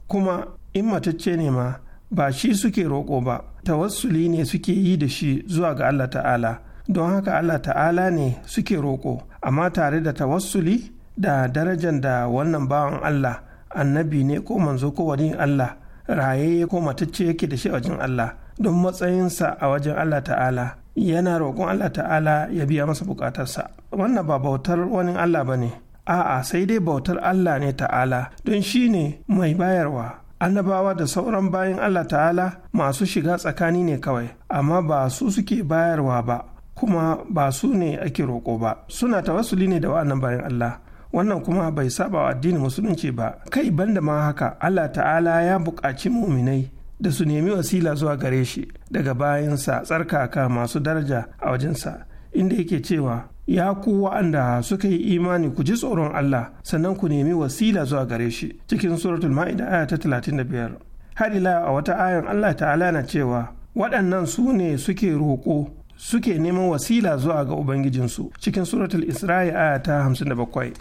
kuma in matacce ne ma ba shi suke roƙo ba tawassuli ne suke yi da shi zuwa ga Allah ta'ala don haka Allah ta'ala ne suke roƙo amma tare da tawassuli da darajar da wannan bawan Allah annabi ne ko manzo ko wani Allah raye ko matacce yake da shi a wajen Allah don matsayinsa a wajen Allah ta'ala yana roƙon Allah ta'ala ya biya masa bukatarsa wannan ba bautar wani Allah ba ne a'a sai dai bautar Allah ne ta'ala don shi ne mai bayarwa annabawa da sauran bayan Allah ta'ala masu shiga tsakani ne kawai amma ba su suke bayarwa ba kuma ba su ne ake roƙo ba suna ta wasuli ne da wa'annan bayan Allah wannan kuma bai saba wa addinin musulunci ba kai banda ma haka Allah ta'ala ya buƙaci muminai da su nemi wasila zuwa gare shi daga bayansa tsarkaka masu daraja a wajensa inda yake cewa ya ku wa'anda suka yi imani ku ji tsoron Allah sannan ku nemi wasila zuwa gare shi cikin suratul ma'ida aya ta 35 har ila a wata ayan Allah ta'ala na cewa waɗannan su ne suke roƙo suke neman wasila zuwa ga ubangijinsu cikin suratul isra'i aya ta 57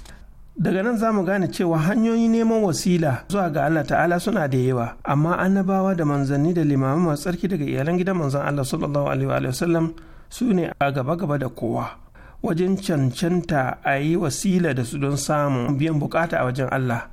daga nan za mu gane cewa hanyoyin neman wasila zuwa ga Allah ta'ala suna da yawa amma annabawa da manzanni da limaman masu tsarki daga iyalan gidan manzon Allah sallallahu alaihi wa sallam su ne a gaba gaba da kowa wajen cancanta a yi wasila da su don samun biyan bukata a wajen Allah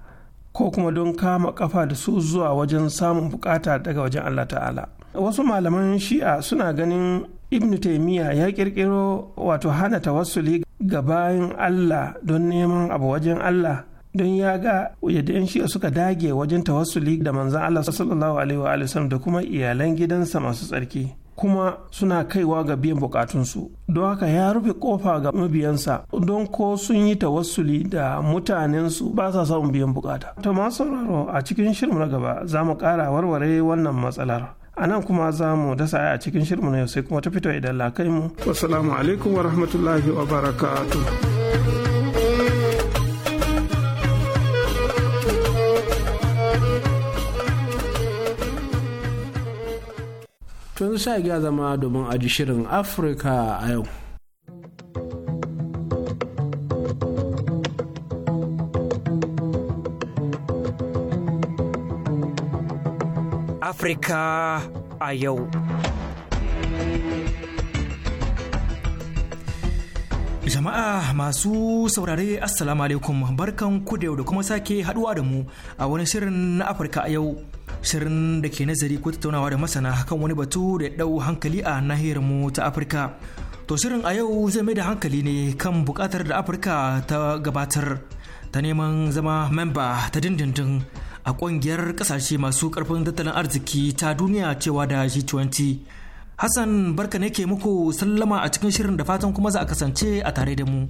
ko kuma don kama kafa da su zuwa wajen samun bukata daga wajen Allah ta'ala wasu malaman shi'a suna ganin ibn taimiyya ya kirkiro wato hana tawassuli ga bayan Allah don neman abu wajen Allah don ya ga yadda 'yan shi'a suka dage wajen tawassuli da manzan Allah sallallahu alaihi wa da kuma iyalan gidansa masu tsarki kuma suna kaiwa ga biyan bukatunsu don haka ya rufe kofa ga mabiyansa don ko sun yi tawassuli da mutanensu ba sa samun biyan bukata ta masu a cikin shirin na gaba za mu kara warware wannan matsalar a nan kuma za mu dasa a cikin shirin na yau sai kuma ta fito idan lakai mu alaikum wa rahmatullahi wa barakatuh tun sa sai ga zama domin aji shirin afirka a yau Afirka a yau. Jama'a masu saurare Assalamu alaikum barkan ku da yau da kuma sake haduwa da mu a wani shirin na Afirka a yau. shirin da ke nazari ko tattaunawa da masana kan wani batu da ya ɗau hankali a nahiyar mu ta afirka to shirin a yau zai mai da hankali ne kan buƙatar da afirka ta gabatar ta neman zama memba ta dindindin a ƙungiyar ƙasashe masu ƙarfin tattalin arziki ta duniya cewa da g20 hassan barka ne ke muku sallama a cikin shirin da fatan kuma za a kasance a tare da mu.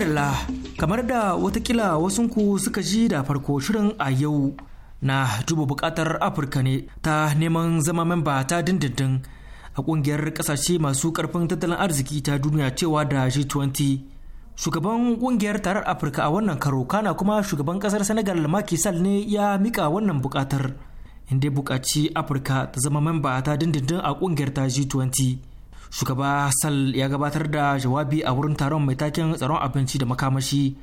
Marilla, kamar da watakila wasunku suka ji da farko shirin a yau na duba bukatar Afirka ne ta neman zama memba ta dindindin a kungiyar kasashe masu karfin tattalin arziki ta duniya cewa da G20. Shugaban kungiyar tarar Afirka a wannan karo kana kuma shugaban kasar Senegal Macky Sall ne ya mika wannan bukatar. Inda bukaci Afirka ta zama memba ta dindindin a kungiyar ta G20. shugaba sal ya gabatar da jawabi a wurin taron mai taken tsaron abinci da makamashi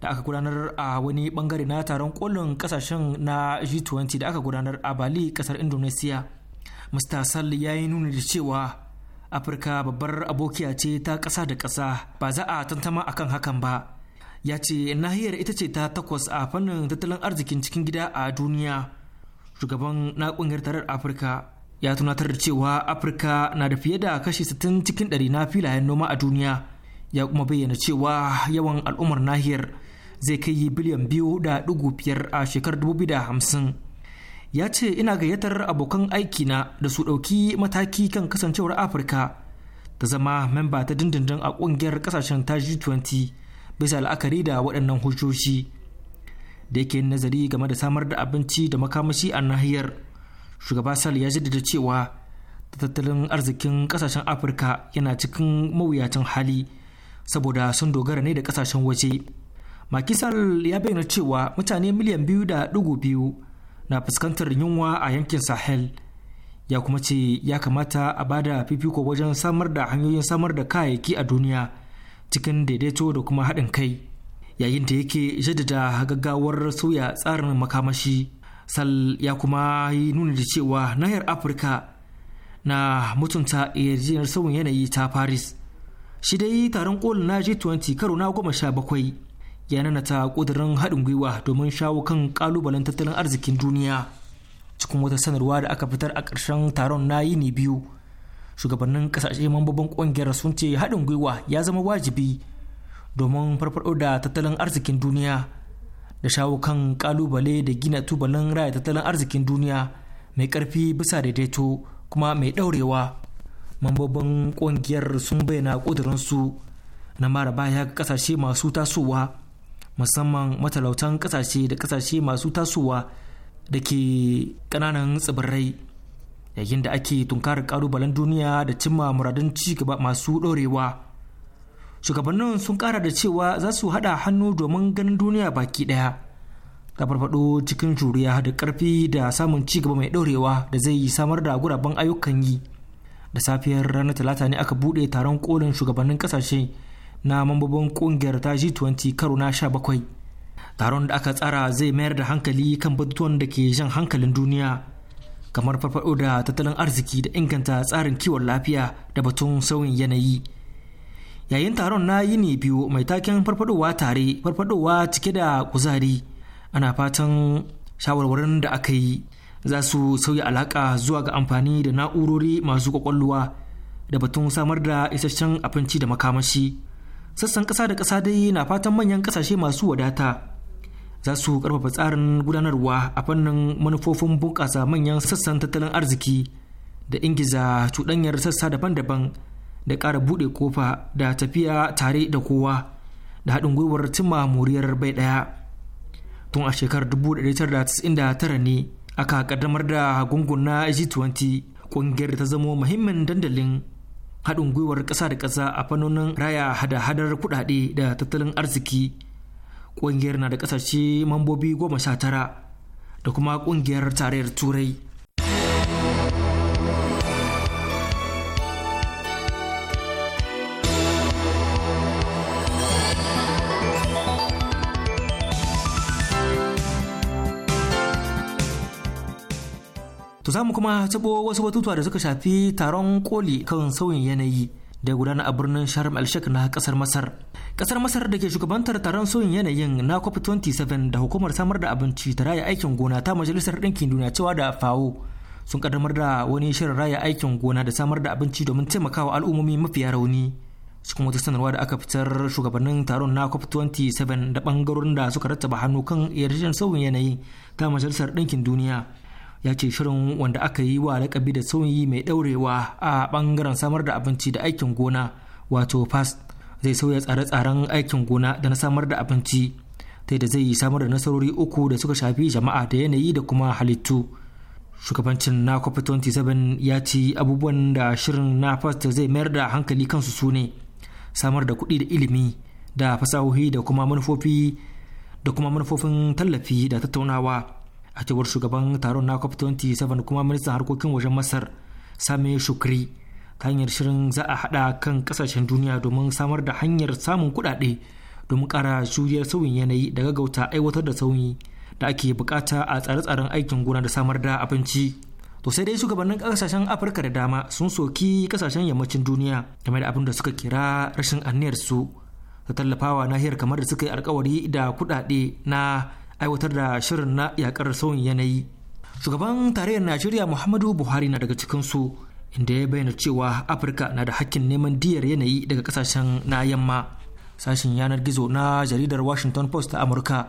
da aka gudanar a wani bangare na taron kolin kasashen na g20 da aka gudanar a bali kasar indonesia mr sal ya yi nuni da cewa afirka babbar abokiya ce ta ƙasa da ƙasa ba za a tantama akan hakan ba ya ce nahiyar ita ce ta takwas a fannin tattalin arzikin cikin gida a duniya shugaban na kungiyar tarar afirka ya tunatar da cewa afirka na da fiye da kashi 60 cikin 100 na filayen noma a duniya ya kuma bayyana cewa yawan al'ummar nahiyar zai kai yi biliyan biyu da dugu biyar a shekarar 2050 ya ce ina gayyatar abokan aiki na da su ɗauki mataki kan kasancewar afirka ta zama memba ta dindindin a ƙungiyar ƙasashen ta g20 bisa la'akari da waɗannan hujjoji da yake nazari game da samar da abinci da makamashi a nahiyar shugaba sal ya jaddada cewa tattalin arzikin kasashen afirka yana cikin mawuyacin hali saboda sun dogara ne da kasashen waje makisal ya bayyana cewa mutane miliyan biyu da dugu biyu na fuskantar yunwa a yankin sahel ya kuma ce ya kamata a bada fifiko wajen samar da hanyoyin samar da kayayyaki a duniya cikin daidaito da kuma haɗin kai yayin da yake jaddada gaggawar sauya tsarin makamashi sal ya kuma yi nuna da cewa nahiyar afirka na mutunta yarjejeniyar sauyin yanayi ta paris shi dai taron kolin na g20 karo na goma sha bakwai ya nanata ƙudurin haɗin gwiwa domin shawo kan ƙalubalen tattalin arzikin duniya cikin wata sanarwa da aka fitar a ƙarshen taron na yini biyu shugabannin ƙasashe mambobin ƙungiyar sun ce haɗin gwiwa ya zama wajibi domin farfaɗo da tattalin arzikin duniya da shawo kan kalubale da gina tubalin raya tattalin arzikin duniya mai karfi bisa daidaito kuma mai daurewa mambobin kungiyar sun bayyana su na mara baya ga kasashe masu tasowa musamman matalautan kasashe da kasashe masu tasowa da ke kananan tsibirai yayin da ake tunkarar kalubalen duniya da cimma muradun ci gaba masu ɗorewa shugabannin sun kara da cewa za su hada hannu domin ganin duniya baki ɗaya ta farfado cikin juriya da karfi da samun ci gaba mai ɗorewa da zai yi samar da guraben ayyukan yi da safiyar ranar talata ne aka bude taron kolin shugabannin kasashe na mambobin ƙungiyar ta g20 karo na 17 taron da aka tsara zai mayar da hankali kan batutuwan da ke jan hankalin duniya kamar farfado da tattalin arziki da inganta tsarin kiwon lafiya da batun sauyin yanayi yayin taron na yi yini biyu mai taken farfadowa tare farfadowa cike da kuzari ana fatan shawarwarin da aka yi za su sauya alaka zuwa ga amfani da na'urori masu kwakwalwa da batun samar da isasshen abinci da makamashi sassan ƙasa da ƙasa dai na fatan manyan ƙasashe masu wadata za su ƙarfafa tsarin gudanarwa a fannin manufofin bunƙasa manyan sassan tattalin arziki da ingiza cuɗanyar sassa daban-daban da ƙara buɗe kofa da tafiya tare da kowa da haɗin gwiwar tuma moriyar bai ɗaya tun a shekarar 1999 ne aka ƙaddamar da gungun na g20 ƙungiyar ta zamo muhimmin dandalin haɗin gwiwar ƙasa da ƙasa a fannonin raya hada-hadar kuɗaɗe da tattalin arziki ƙungiyar na da ƙasashe mambobi goma sha tara da kuma ƙungiyar tarayyar turai To za mu kuma tabo wasu batutuwa da suka shafi taron koli kan sauyin yanayi da gudana a birnin Sharm el Sheikh na kasar Masar. Kasar Masar da ke shugabantar taron sauyin yanayin na COP27 da hukumar samar da abinci ta raya aikin gona ta Majalisar Ɗinkin Duniya cewa da FAO sun kaddamar da wani shirin raya aikin gona da samar da abinci domin taimakawa al'ummomi mafiya rauni. Cikin wata sanarwa da aka fitar shugabannin taron na COP27 da bangarorin da suka rattaba hannu kan yarjejen sauyin yanayi ta Majalisar Ɗinkin Duniya. ya ce shirin wanda aka yi wa lakabi da sauyi mai daurewa a bangaren samar da abinci da aikin gona wato fast zai sauya tsare-tsaren aikin gona da na samar da abinci ta da zai samar da nasarori uku da suka shafi jama'a da yanayi da kuma halittu shugabancin na cop 27 ya ci abubuwan da shirin na fast zai mayar da hankali kansu su ne samar da kuɗi da ilimi da fasahohi da da kuma manufofin tallafi da tattaunawa a shugaban taron na cop 27 kuma ministan harkokin wajen masar sami shukri ta hanyar shirin za a haɗa kan kasashen duniya domin samar da hanyar samun kuɗaɗe domin kara juriyar sauyin yanayi da gaggauta aiwatar da sauyi da ake bukata a tsare-tsaren aikin gona da samar da abinci to sai dai shugabannin kasashen afirka da dama sun soki ƙasashen yammacin duniya game da abin da suka kira rashin aniyar su ta tallafawa nahiyar kamar da suka yi alkawari da kuɗaɗe na aiwatar da shirin na yakar sauyin yanayi shugaban tarayyar najeriya muhammadu buhari na daga cikinsu inda ya bayyana cewa afirka na da hakkin neman diyar yanayi daga kasashen na yamma sashen yanar gizo na jaridar washington post ta amurka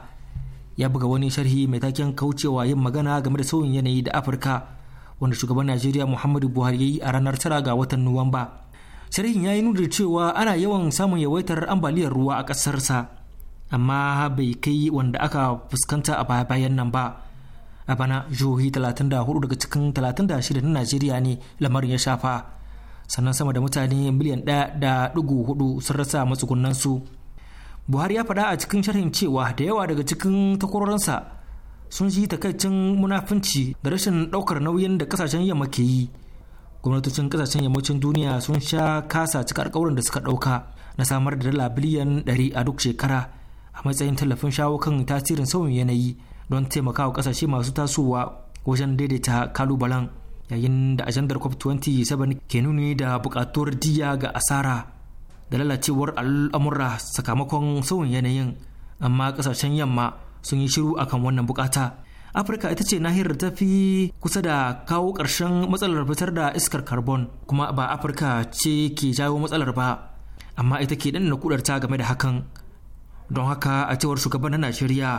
ya buga wani sharhi mai taken kaucewa yin magana game da sauyin yanayi da afirka wanda shugaban najeriya muhammadu buhari ya yi a ranar tara ga watan nuwamba sharhin ya yi nuna cewa ana yawan samun yawaitar ambaliyar ruwa a ƙasarsa amma bai kai wanda aka fuskanta a baya bayan nan ba a bana jihohi 34 daga cikin 36 na najeriya ne lamarin ya shafa sannan sama da mutane miliyan 1.4 sun rasa su buhari ya fada a cikin sharhin cewa da yawa daga cikin takwarorinsa sun ji takaicin munafunci da rashin ɗaukar nauyin da kasashen yamma ke yi gwamnatocin kasashen yammacin duniya sun sha kasa cika alkawarin da suka ɗauka na samar da dala biliyan 100 a duk shekara a matsayin tallafin shawo kan tasirin sauyin yanayi don taimakawa kasashe masu tasowa wajen daidaita kalubalen yayin da ajandar cop 27 ke nuni da bukatuwar diya ga asara da lalacewar al'amura sakamakon sauyin yanayin amma kasashen yamma sun yi shiru akan wannan bukata afirka ita ce nahiyar ta fi kusa da kawo ƙarshen matsalar fitar da iskar carbon kuma ba afirka ce ke jawo matsalar ba amma ita ke danna kudarta game da hakan don haka a cewar shugaban na najeriya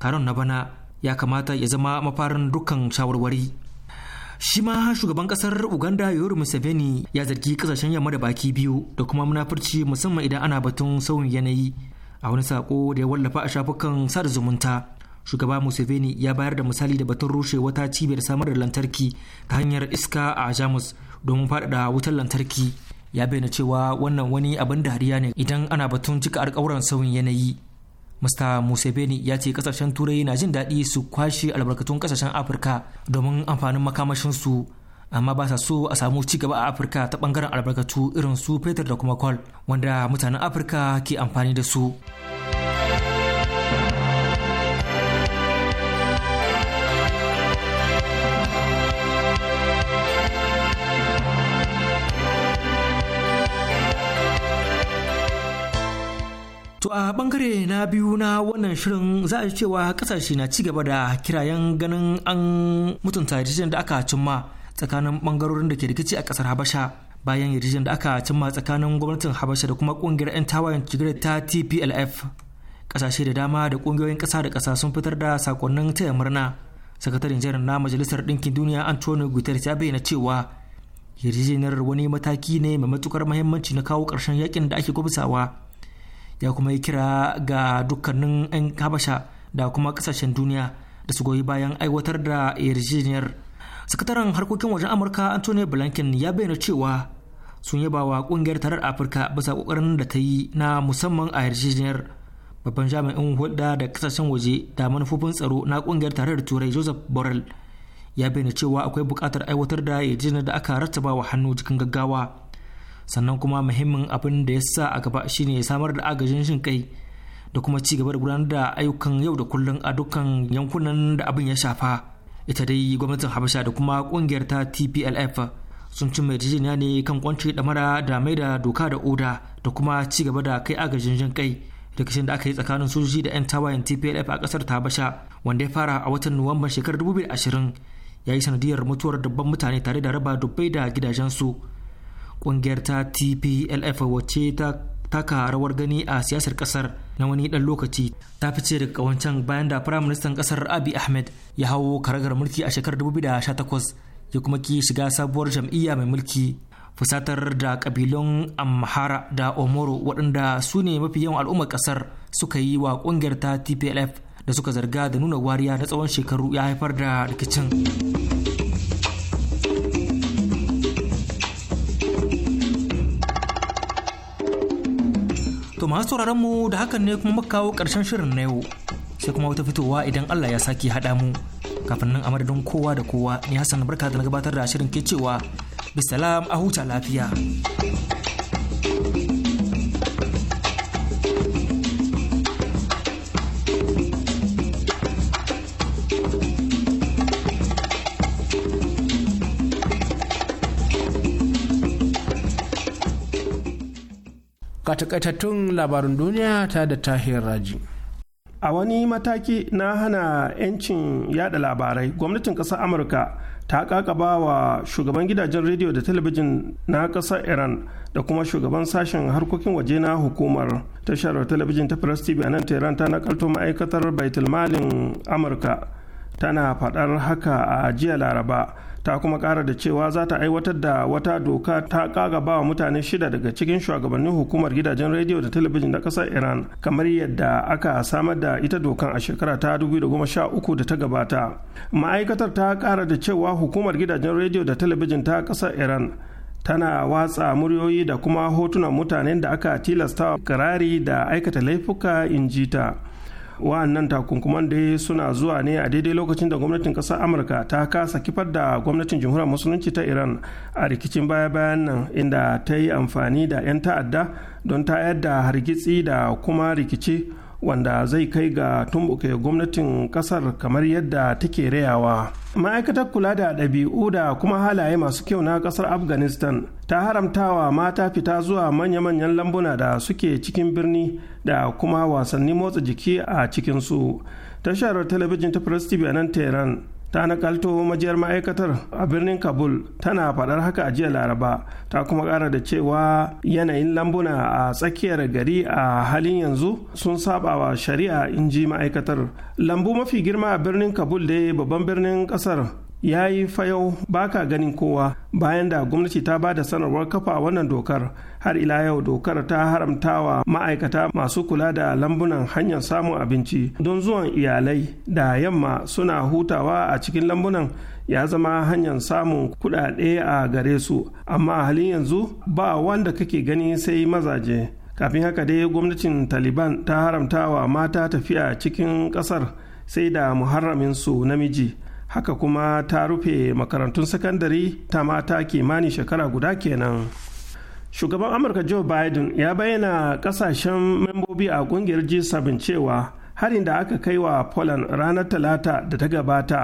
taron na bana ya kamata ya zama mafarin dukkan shawarwari shi ma shugaban kasar uganda yoweri museveni ya zargi kasashen yamma da baki biyu da kuma munafurci musamman idan ana batun sauyin yanayi a wani sako da ya wallafa a shafukan sada zumunta shugaba museveni ya bayar da misali da batun rushe wata cibiyar samar da lantarki ta hanyar iska a jamus domin faɗaɗa wutar lantarki ya bayyana cewa wannan wani abin dariya ne idan ana batun cika alkawuran sauyin yanayi Mr. beni ya ce kasashen turai na jin daɗi su kwashe albarkatun kasashen Afirka domin amfanin makamashinsu amma ba sa so a samu ci gaba a Afirka ta bangaren albarkatu irin su fetur da kuma kwal wanda mutanen Afirka ke amfani da su. To a bangare na biyu na wannan shirin za a cewa kasashe na cigaba da kirayen ganin an mutunta yarjejen da aka cimma tsakanin bangarorin da ke rikici a kasar Habasha bayan yarjejen da aka cimma tsakanin gwamnatin Habasha da kuma kungiyar 'yan tawayen Tigray ta TPLF. Kasashe da dama da kungiyoyin kasa da kasa sun fitar da sakonnin taya murna. Sakataren jiran na Majalisar Ɗinkin Duniya Antonio Guterres ya bayyana cewa yarjejeniyar wani mataki ne mai matukar muhimmanci na kawo ƙarshen yakin da ake gwabzawa ya kuma yi kira ga dukkanin 'yan habasha da kuma kasashen duniya da su goyi bayan aiwatar da yarjejeniyar sakataren harkokin wajen amurka antonio blinken ya bayyana cewa sun yaba wa kungiyar tarar afirka bisa kokarin da ta yi na musamman a yarjejeniyar babban jami'in hulɗa da kasashen waje da manufofin tsaro na kungiyar tarar turai joseph borrell ya bayyana cewa akwai buƙatar aiwatar da yarjejeniyar da aka rattaba wa hannu cikin gaggawa sannan kuma muhimmin abin da ya sa a gaba shine samar da agajin shin kai da kuma ci gaba da gudanar da ayyukan yau da kullum a dukkan yankunan da abin ya shafa ita dai gwamnatin habasha da kuma kungiyar ta tplf sun ci mai jijiya ne kan kwanci mara da mai da doka da oda da kuma ci gaba da kai agajin jin kai rikicin da aka yi tsakanin sojoji da 'yan tawayen tplf a kasar ta habasha wanda ya fara a watan nuwamban shekarar 2020 ya yi sanadiyar mutuwar dubban mutane tare da raba dubbai da gidajensu kungiyar ta tplf wacce ta taka rawar gani a siyasar kasar na wani dan lokaci ta fice daga kawancan bayan da firayim ministan kasar abi ahmed ya hawo karagar mulki a shekarar 2018 ya kuma ki shiga sabuwar jam'iyya mai mulki fusatar da kabilun amhara da omoro waɗanda su ne mafi yawan al'ummar kasar suka yi wa kungiyar ta tplf da suka zarga da nuna wariya na tsawon shekaru ya haifar da rikicin To masu sauraron mu da hakan ne kuma kawo ƙarshen shirin na yau sai kuma wata fitowa idan Allah ya sake haɗa mu kafin nan a madadin kowa da kowa ni Hassan barka da na gabatar da shirin ke cewa bisalam a huta lafiya. ga takaitattun labarin duniya ta da tahir raji a wani mataki na hana 'yancin yada labarai gwamnatin ƙasar amurka ta kakaba wa shugaban gidajen rediyo da talabijin na ƙasar iran da kuma shugaban sashen harkokin waje na hukumar tashar talabijin ta press tv a nan tehran ta nakalto ma'aikatar baitulmalin amurka tana faɗar haka a jiya laraba ta kuma kara da cewa za ta aiwatar da wata doka ta kagaba wa mutane shida daga cikin shugabannin hukumar gidajen rediyo da talabijin na kasar iran kamar yadda aka samar da ita dokan a shekara ta 2013 da ta gabata ma'aikatar ta kara da cewa hukumar gidajen rediyo da talabijin ta kasar iran tana watsa muryoyi da kuma hotunan mutanen da aka tilasta kirari da aikata laifuka in ji ta wa'annan takunkuman dai suna zuwa ne a daidai lokacin da gwamnatin kasar amurka ta kasa kifar da gwamnatin jamhuriyar musulunci ta iran a rikicin baya-bayan nan inda ta yi amfani da 'yan ta'adda don tayar da hargitsi da kuma rikici wanda zai kai ga tumbuke gwamnatin kasar kamar yadda take rayawa. ma'aikatar kula da ɗabi'u da kuma halaye masu kyau na ƙasar afghanistan ta haramtawa mata fita zuwa manya-manyan lambuna da suke cikin birni da kuma wasannin motsa jiki a cikinsu tashar talabijin ta press tv a nan tehran ta nakalto majiyar ma'aikatar a birnin kabul tana faɗar haka a jiya laraba ta kuma ƙara da cewa yanayin lambuna a tsakiyar gari a halin yanzu sun saba wa shari'a in ji ma'aikatar lambu mafi girma a birnin kabul dai babban birnin ƙasar ya yi fayau baka ganin kowa bayan da gwamnati ta ba da sanarwar kafa wannan dokar har ila yau dokar ta haramtawa ma'aikata masu kula da lambunan hanyar samun abinci don zuwan iyalai da yamma suna hutawa a cikin lambunan ya zama hanyar samun kudade a gare su amma halin yanzu ba wanda kake gani sai mazaje kafin haka dai gwamnatin taliban ta haramtawa mata tafiya cikin kasar sai da muharraminsu su namiji haka kuma ta rufe makarantun sakandare ta mata kimanin shekara guda kenan shugaban amurka joe biden ya bayyana kasashen membobi a kungiyar g7 cewa harin da aka kai wa poland ranar talata da ta gabata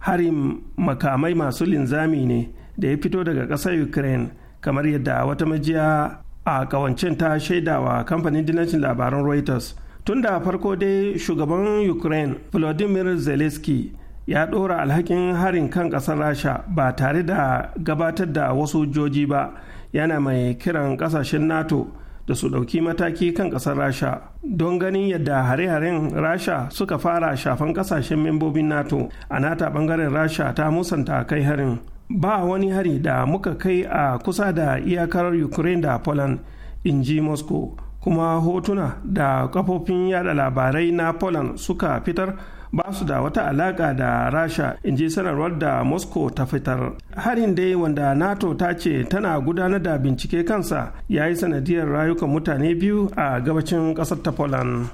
harin makamai masu linzami ne da ya fito daga ƙasar ukraine kamar yadda wata majiya a kawancin ta shaidawa kamfanin dinancin labaran reuters tun da farko dai shugaban ukraine volodymyr zelensky ya ɗora alhakin harin kan ƙasar rasha ba tare da gabatar da wasu joji ba yana mai kiran ƙasashen nato da su ɗauki mataki kan ƙasar rasha don ganin yadda hare-haren rasha suka fara shafan ƙasashen membobin nato a nata ɓangaren rasha ta musanta kai harin ba wani hari da muka kai a kusa da iyakar ukraine da poland in ji moscow kuma hotuna da kafofin yada labarai na poland suka fitar ba su da wata alaka da rasha in ji sanarwar da moscow ta fitar harin dai wanda nato ta ce tana gudanar da bincike kansa ya yi sanadiyar rayukan mutane biyu a gabacin ƙasar ta poland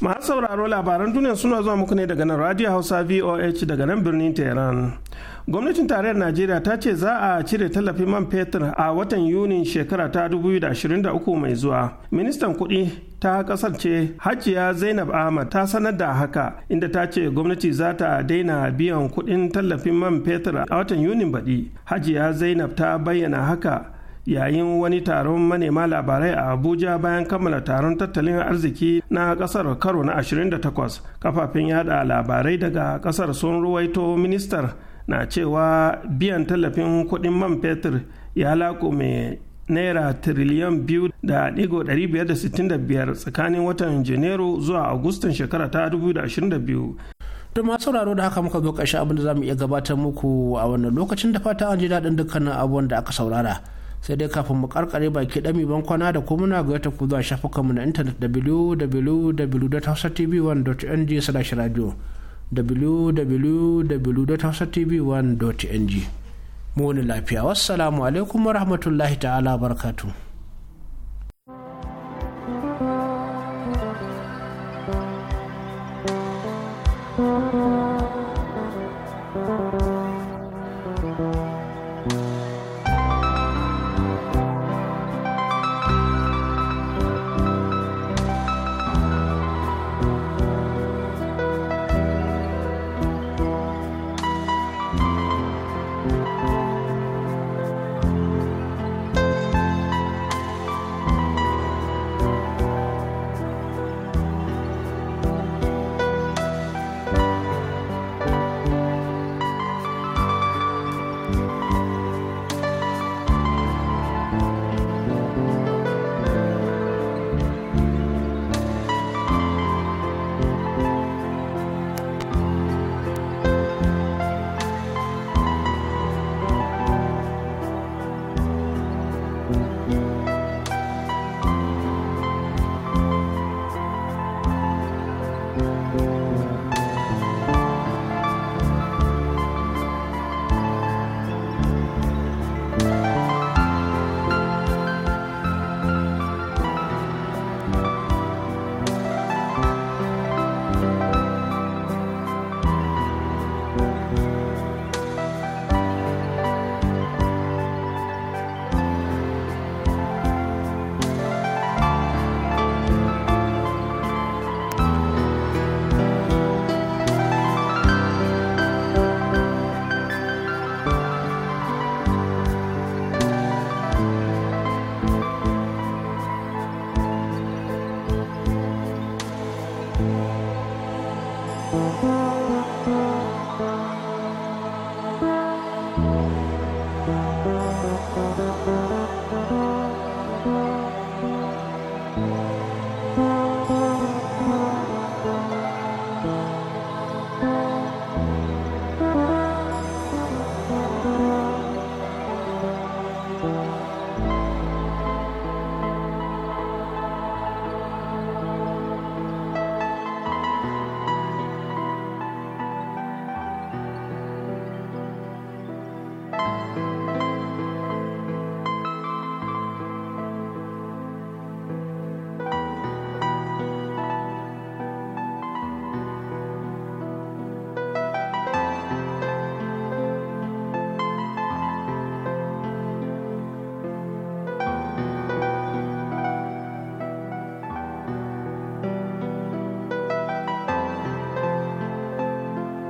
masu sauraro labaran duniya suna zuwa muku ne daga nan radio hausa voh daga nan birnin tehran gwamnatin tarayyar najeriya ta ce za a cire tallafin man fetur a watan yuni shekara ta 2023 mai zuwa ministan kuɗi ta kasar ce hajiya zainab ahmad ta sanar da haka inda ta ce gwamnati za ta daina biyan kuɗin tallafin man fetur a watan yunin baɗi hajiya zainab ta bayyana haka yayin wani taron manema labarai a abuja bayan kammala taron tattalin arziki na kasar karo na 28 kafafen yada labarai daga kasar sun ruwaito ministar na cewa biyan tallafin kudin man fetur ya lakome naira tiriliyan biyu da ɗigo ɗari tsakanin watan janairu zuwa agustan shekara ta 2022 ma sauraro da haka muka zo ƙarshe abin da za iya gabatar muku a wannan lokacin da fata an ji daɗin dukkanin abubuwan da aka saurara. sai dai kafin mu karkare baki dami ban kwana da kuma muna ga ta ku zuwa shafukanmu na intanet www.hausatv1.ng slash radio www.hausatv1.ng mu wani lafiya wassalamu alaikum warahmatullahi ta'ala barkatu.